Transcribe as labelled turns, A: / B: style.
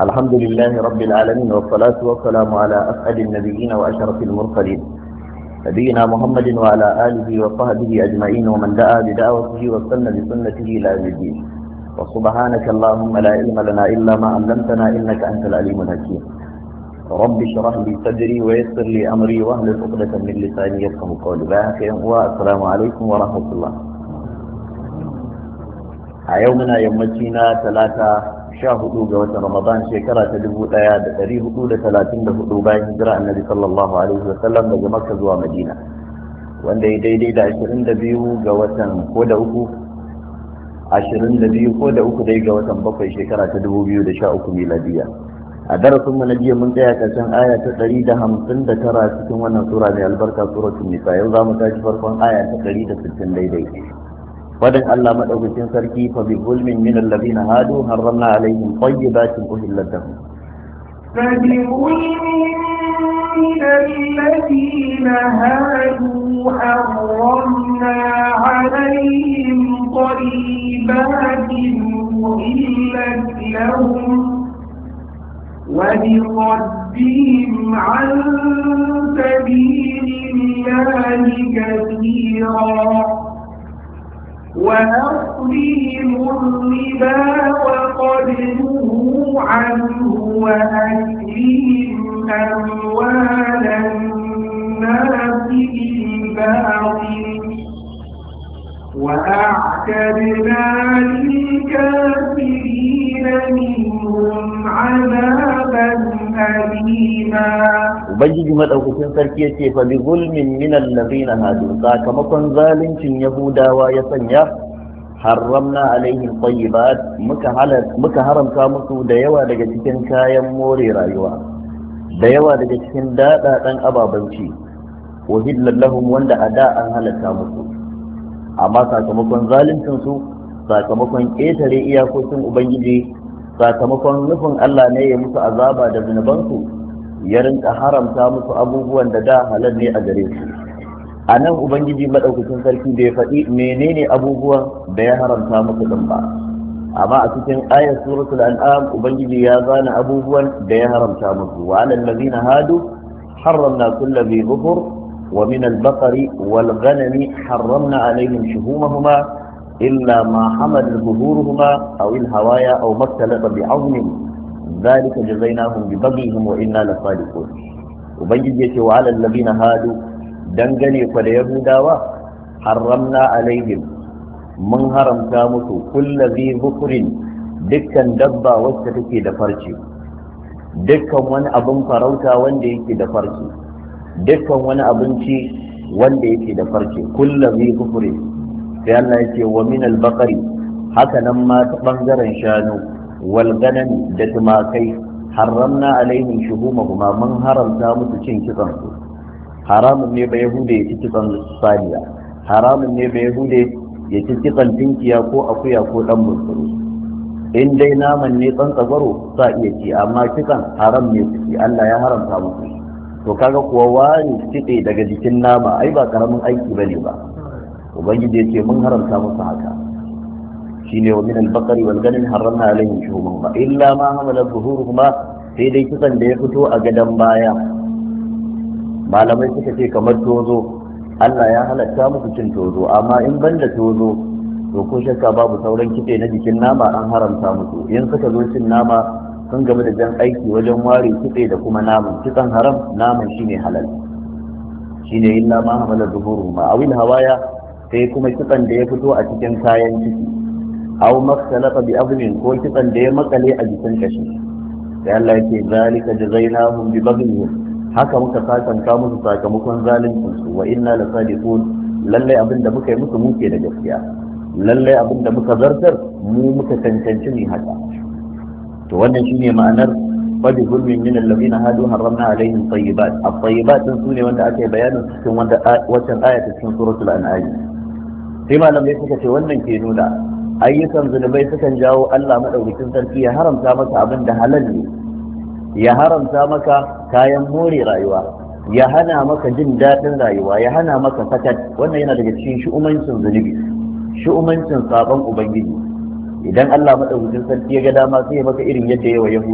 A: الحمد لله رب العالمين والصلاة والسلام على أسعد النبيين وأشرف المرسلين نبينا محمد وعلى آله وصحبه أجمعين ومن دعا بدعوته واستنى بسنته إلى يوم الدين وسبحانك اللهم لا علم لنا إلا ما علمتنا إنك أنت العليم الحكيم رب اشرح لي صدري ويسر لي أمري واهل عقدة من لساني يفقه قولي باقي والسلام عليكم ورحمة الله a يوم الجينا ثلاثة sha hudu ga watan ramadan shekara ta dubu ɗaya da ɗari hudu da talatin da hudu bayan hijira annabi sallallahu alaihi wa sallam daga makka zuwa madina wanda ya daidai da ashirin da biyu ga watan ko da uku ashirin da biyu ko da uku dai ga watan bakwai shekara ta dubu biyu da sha uku miladiya a darasin mu na jiya mun tsaya karshen aya ta ɗari da hamsin da tara cikin wannan sura mai albarka suratul nisa yau za mu tashi farkon aya ta ɗari da sittin daidai ودن الله مدعوكين سركي فبظلم من الذين هادوا حرمنا عليهم طيبات أهلت لهم
B: فبظلم من الذين هادوا حرمنا عليهم طيبات أهلت لهم وبصدهم عن سبيل الله كثيرا وأصلهم الربا وقد نهوا عنه وأكلهم أموال الناس بالباطل وأعتدنا
A: ubangiji madaukakin sarki ya ce fa bi zulmin min allazina hadu sakamakon zaluncin yahudawa ya sanya harramna alaihim tayyibat muka halal muka haramta musu da yawa daga cikin kayan more rayuwa da yawa daga cikin dadadan ababanci wahillan lahum wanda a da an halatta musu amma sakamakon zaluncin su sakamakon ƙetare iyakokin ubangiji sakamakon nufin Allah ne ya musu azaba da zunubansu ya rinka haramta musu abubuwan da da halal ne a gare su a nan ubangiji maɗaukacin sarki bai faɗi menene abubuwan da ya haramta musu ɗin ba amma a cikin ayar suratul an'am ubangiji ya zana abubuwan da ya haramta musu wa alal ladina hadu harramna kullu bi dhufur wa min al baqari wal ghanami harramna alaihim shuhumahuma illa ma hamalat zuhuruhuma aw al hawaya aw maktalaba bi 'azmin zalika jazainahum bi baghihim wa inna lasadiqun ubangiji yace wa alal ladina hadu dangane ku da yahudawa haramna alaihim mun haramta musu kullu dhi bukrin dukkan dabba wacce take da farce dukkan wani abin farauta wanda yake da farce dukkan wani abinci wanda yake da farce kullu dhi bukrin sai Allah yace wa min al haka nan ma ta bangaren shanu wal ganami da tumakai haramna alaihim shuhumahuma mun haramta musu cin kitsan su haramun ne ba yahuda ya ci kitsan saniya haramun ne ba yahuda ya ci kitsan tinkiya ko akuya ko dan bunsuru in dai naman ne tsantsagwaro sa iya ci amma kitsan haram ne su ci Allah ya haramta musu to kaga kuwa wani kitse daga jikin nama ai ba karamin aiki bane ba ubangiji ya ce mun haramta musu haka shine wa bakari al ganin wal ghanim harramna alaihim shuhumahuma illa ma hamala sai dai kisan da ya fito a gadan baya malamai suka ce kamar tozo Allah ya halatta muku cin tozo amma in banda tozo to ko shakka babu sauran kitse na jikin nama an haramta musu in suka zo cin nama sun gaba da jan aiki wajen ware kitse da kuma naman kitsan haram naman shine halal shine illa ma hamala zuhuruhuma awil hawaya sai kuma kitsan da ya fito a cikin kayan ciki aw maktalata bi azmin ko kitsan da ya makale a jikin kashi sai Allah yake zalika jazainahum bi baghyihim haka muka sakanta musu sakamakon zaluncin su wa inna la sadiqun lalle abin da muka yi musu muke da gaskiya lalle abin da muka zartar mu muka tantance ni haka to wannan shine ma'anar fadi zulmin min alladhina hadu harramna alaihim tayyibat at-tayyibat sune wanda ake bayanin cikin wanda wacce ayata cikin suratul an'am sai malam ya ce wannan ke nuna ayyukan zunubai sukan jawo Allah madaukakin sarki ya haramta maka abin da halal ne ya haramta maka kayan more rayuwa ya hana maka jin daɗin rayuwa ya hana maka sakat wannan yana daga cikin shu'umancin zunubi shu'umancin sabon ubangiji idan Allah madaukakin sarki ya ga dama sai ya maka irin yadda yawa